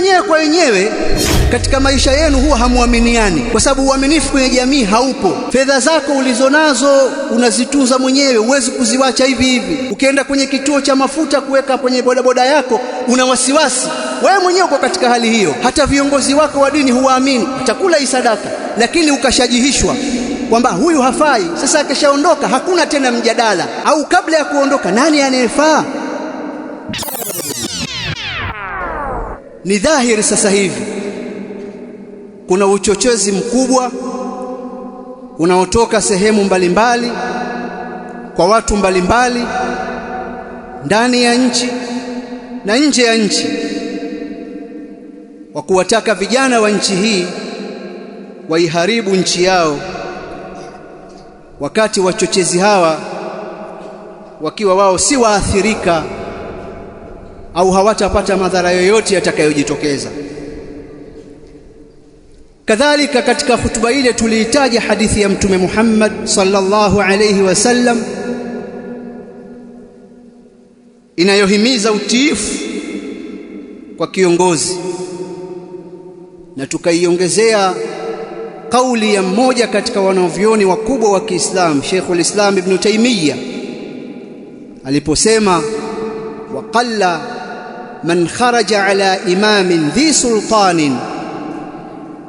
wenyewe kwa wenyewe katika maisha yenu huwa hamuaminiani, kwa sababu uaminifu kwenye jamii haupo. Fedha zako ulizonazo unazitunza mwenyewe, huwezi kuziwacha hivi hivi. Ukienda kwenye kituo cha mafuta kuweka kwenye bodaboda yako, una wasiwasi wewe mwenyewe uko katika hali hiyo. Hata viongozi wako wa dini huwaamini, utakula hii sadaka, lakini ukashajihishwa kwamba huyu hafai. Sasa akishaondoka hakuna tena mjadala, au kabla ya kuondoka, nani anayefaa? Ni dhahiri sasa hivi kuna uchochezi mkubwa unaotoka sehemu mbalimbali kwa watu mbalimbali ndani ya nchi na nje ya nchi, wa kuwataka vijana wa nchi hii waiharibu nchi yao, wakati wachochezi hawa wakiwa wao si waathirika au hawatapata madhara yoyote yatakayojitokeza. Kadhalika, katika hutuba ile tuliitaja hadithi ya Mtume Muhammad sallallahu alayhi wasallam inayohimiza utiifu kwa kiongozi, na tukaiongezea kauli ya mmoja katika wanavyoni wakubwa wa Kiislamu, Sheikhul Islam Ibn Taymiyyah aliposema waqalla man kharaja ala imamin dhi sultanin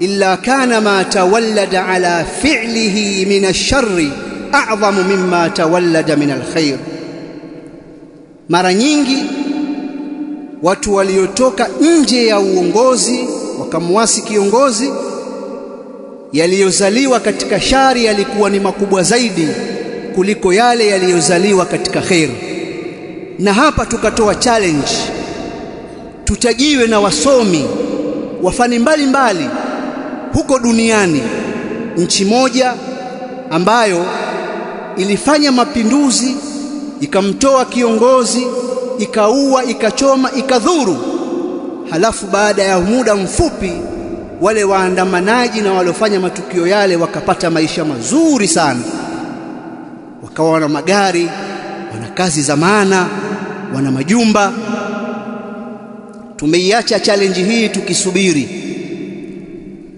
illa kana ma tawallada ala fi'lihi min alshari azamu mimma tawallada min alkhair, mara nyingi watu waliotoka nje ya uongozi wakamwasi kiongozi, yaliyozaliwa katika shari yalikuwa ni makubwa zaidi kuliko yale yaliyozaliwa katika kheri. Na hapa tukatoa challenge tutajiwe na wasomi wa fani mbalimbali huko duniani. Nchi moja ambayo ilifanya mapinduzi, ikamtoa kiongozi, ikaua, ikachoma, ikadhuru, halafu baada ya muda mfupi wale waandamanaji na waliofanya matukio yale wakapata maisha mazuri sana, wakawa na magari, wana kazi za maana, wana majumba. Tumeiacha challenge hii tukisubiri,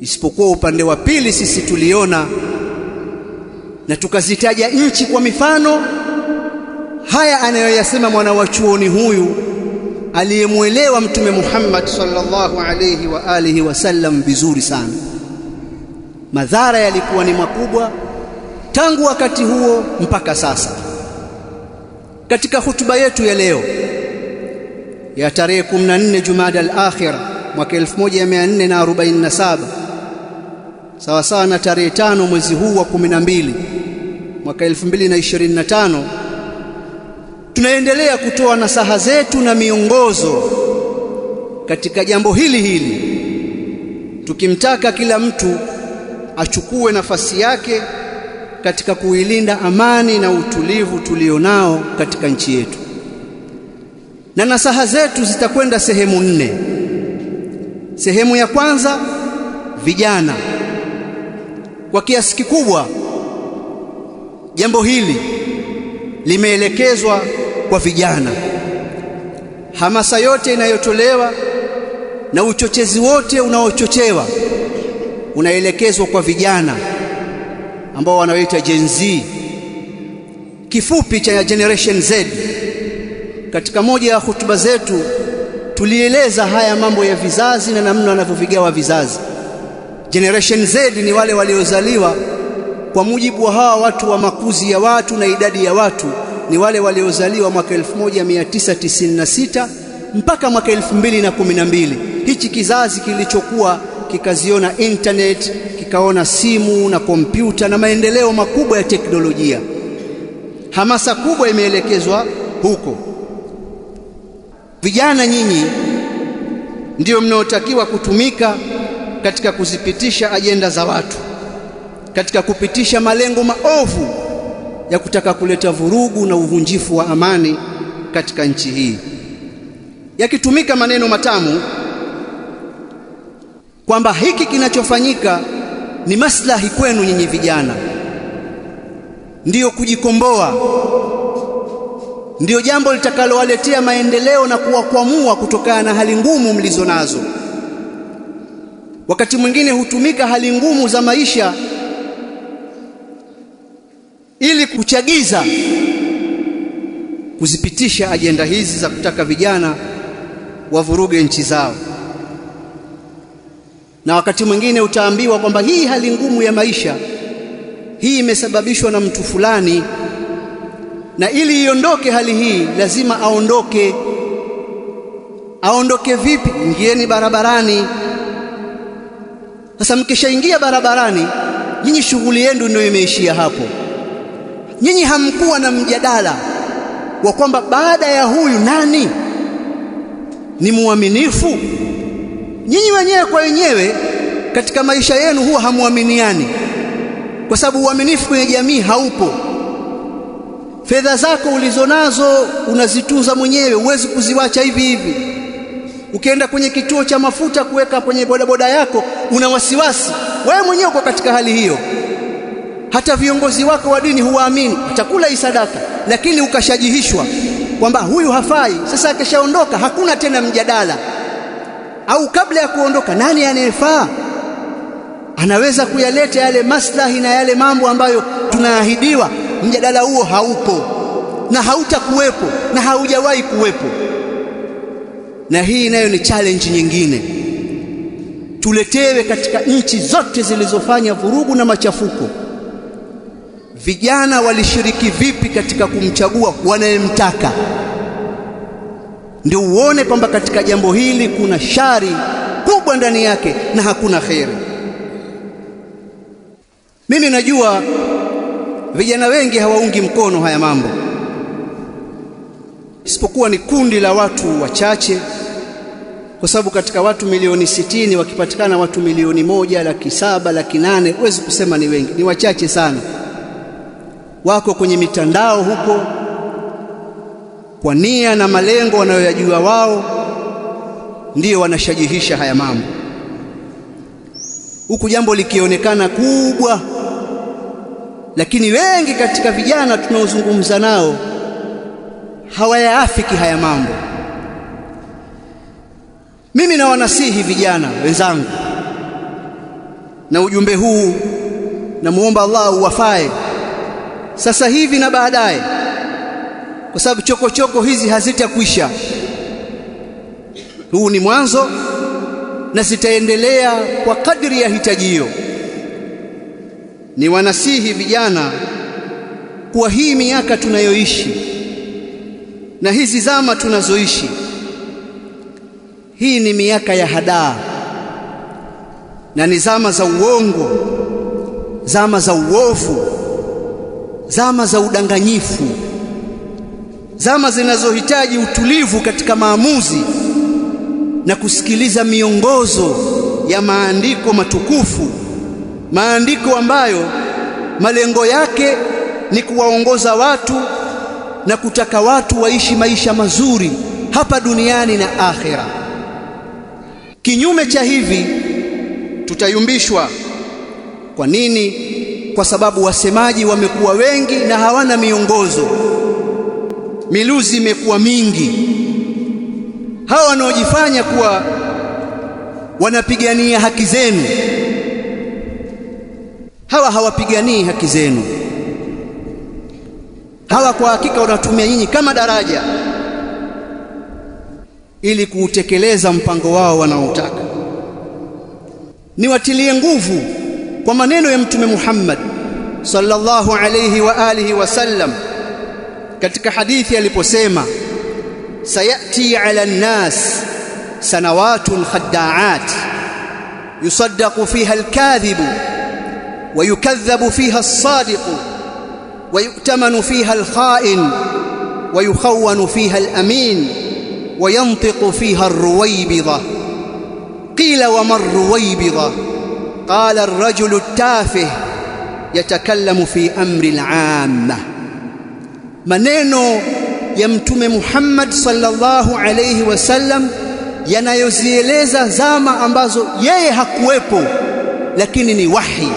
isipokuwa upande wa pili sisi tuliona na tukazitaja nchi kwa mifano. Haya anayoyasema mwana wa chuoni huyu aliyemwelewa Mtume Muhammad sallallahu alayhi wa alihi wasallam vizuri sana, madhara yalikuwa ni makubwa tangu wakati huo mpaka sasa. Katika hutuba yetu ya leo ya tarehe 14 Jumada al-Akhira mwaka 1447 sawa sawa na tarehe tano mwezi huu wa 12 mwaka 2025, tunaendelea kutoa nasaha zetu na miongozo katika jambo hili hili, tukimtaka kila mtu achukue nafasi yake katika kuilinda amani na utulivu tulionao katika nchi yetu na nasaha zetu zitakwenda sehemu nne. Sehemu ya kwanza, vijana. Kwa kiasi kikubwa jambo hili limeelekezwa kwa vijana. Hamasa yote inayotolewa na uchochezi wote unaochochewa unaelekezwa kwa vijana ambao wanaoita Gen Z, kifupi cha Generation Z katika moja ya hutuba zetu tulieleza haya mambo ya vizazi na namna wanavyovigawa vizazi. Generation Z ni wale waliozaliwa kwa mujibu wa hawa watu wa makuzi ya watu na idadi ya watu, ni wale waliozaliwa mwaka 1996 mpaka mwaka 2012. Hichi kizazi kilichokuwa kikaziona internet, kikaona simu na kompyuta na maendeleo makubwa ya teknolojia. Hamasa kubwa imeelekezwa huko. Vijana nyinyi ndio mnaotakiwa kutumika katika kuzipitisha ajenda za watu, katika kupitisha malengo maovu ya kutaka kuleta vurugu na uvunjifu wa amani katika nchi hii. Yakitumika maneno matamu kwamba hiki kinachofanyika ni maslahi kwenu nyinyi vijana, ndiyo kujikomboa ndiyo jambo litakalowaletea maendeleo na kuwakwamua kutokana na hali ngumu mlizo nazo. Wakati mwingine hutumika hali ngumu za maisha ili kuchagiza kuzipitisha ajenda hizi za kutaka vijana wavuruge nchi zao, na wakati mwingine utaambiwa kwamba hii hali ngumu ya maisha hii imesababishwa na mtu fulani na ili iondoke hali hii lazima aondoke. Aondoke vipi? Ingieni barabarani. Sasa mkishaingia barabarani, nyinyi shughuli yenu ndio imeishia hapo. Nyinyi hamkuwa na mjadala wa kwamba baada ya huyu nani ni muaminifu. Nyinyi wenyewe kwa wenyewe katika maisha yenu huwa hamuaminiani, kwa sababu uaminifu kwenye jamii haupo. Fedha zako ulizonazo unazitunza mwenyewe, huwezi kuziwacha hivi hivi. Ukienda kwenye kituo cha mafuta kuweka kwenye bodaboda yako, una wasiwasi wewe mwenyewe, uko katika hali hiyo. Hata viongozi wako wa dini huwaamini, utakula hii sadaka, lakini ukashajihishwa kwamba huyu hafai. Sasa akishaondoka hakuna tena mjadala, au kabla ya kuondoka, nani anayefaa anaweza kuyaleta yale maslahi na yale mambo ambayo tunaahidiwa mjadala huo haupo na hautakuwepo na haujawahi kuwepo. Na hii nayo ni challenge nyingine, tuletewe katika nchi zote zilizofanya vurugu na machafuko, vijana walishiriki vipi katika kumchagua wanayemtaka, ndio uone kwamba katika jambo hili kuna shari kubwa ndani yake na hakuna kheri. Mimi najua Vijana wengi hawaungi mkono haya mambo, isipokuwa ni kundi la watu wachache, kwa sababu katika watu milioni sitini wakipatikana watu milioni moja laki saba laki nane huwezi kusema ni wengi, ni wachache sana. Wako kwenye mitandao huko kwa nia na malengo wanayoyajua wao, ndiyo wanashajihisha haya mambo, huku jambo likionekana kubwa lakini wengi katika vijana tunaozungumza nao hawayaafiki haya mambo. Mimi nawanasihi vijana wenzangu, na ujumbe huu namwomba Allah uwafae sasa hivi na baadaye, kwa sababu chokochoko hizi hazitakwisha. Huu ni mwanzo na zitaendelea kwa kadri ya hitajio ni wanasihi vijana kuwa hii miaka tunayoishi na hizi zama tunazoishi, hii ni miaka ya hadaa na ni zama za uongo, zama za uovu, zama za udanganyifu, zama zinazohitaji utulivu katika maamuzi na kusikiliza miongozo ya maandiko matukufu maandiko ambayo malengo yake ni kuwaongoza watu na kutaka watu waishi maisha mazuri hapa duniani na akhera. Kinyume cha hivi tutayumbishwa. Kwa nini? Kwa sababu wasemaji wamekuwa wengi na hawana miongozo, miluzi imekuwa mingi. Hawa wanaojifanya kuwa wanapigania haki zenu hawa hawapiganii haki zenu, hawa kwa hakika wanatumia nyinyi kama daraja ili kuutekeleza mpango wao wanaoutaka Niwatilie nguvu kwa maneno ya Mtume Muhammad sallallahu alayhi wa alihi wasallam katika hadithi aliposema, sayati ala nnas sanawatun khaddaat yusaddaqu fiha alkadhibu ويكذب فيها الصادق ويؤتمن فيها الخائن ويخون فيها الامين وينطق فيها الرويبضه قيل وما الرويبضه قال الرجل التافه يتكلم في امر العامه maneno ya mtume Muhammad sallallahu alayhi wasallam yanayozieleza zama ambazo yeye hakuwepo lakini ni wahi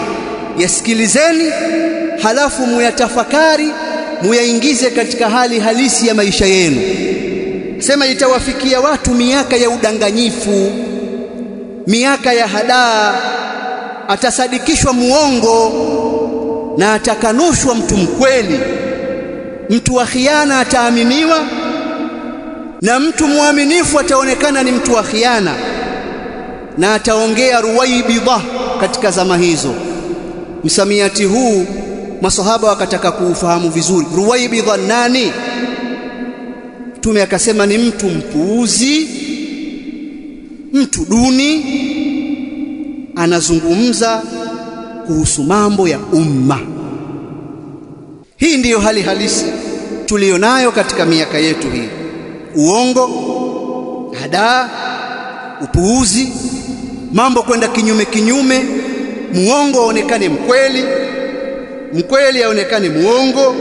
yasikilizeni, halafu muyatafakari, muyaingize katika hali halisi ya maisha yenu. Sema itawafikia watu miaka ya udanganyifu, miaka ya hadaa, atasadikishwa muongo na atakanushwa mtu mkweli. Mtu wa khiana ataaminiwa na mtu mwaminifu ataonekana ni mtu wa khiana, na ataongea ruwaibidha katika zama hizo msamiati huu masahaba wakataka kuufahamu vizuri. Ruwaibi dhannani, Mtume akasema ni mtu mpuuzi, mtu duni, anazungumza kuhusu mambo ya umma. Hii ndiyo hali halisi tuliyonayo katika miaka yetu hii: uongo, hadaa, upuuzi, mambo kwenda kinyume kinyume muongo aonekane mkweli, mkweli aonekane muongo,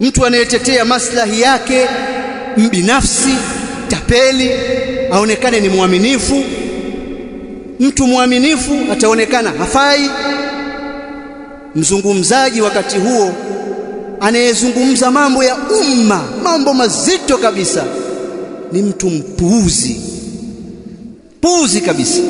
mtu anayetetea maslahi yake mbinafsi tapeli aonekane ni mwaminifu, mtu mwaminifu ataonekana hafai. Mzungumzaji wakati huo anayezungumza mambo ya umma, mambo mazito kabisa, ni mtu mpuuzi, puuzi kabisa.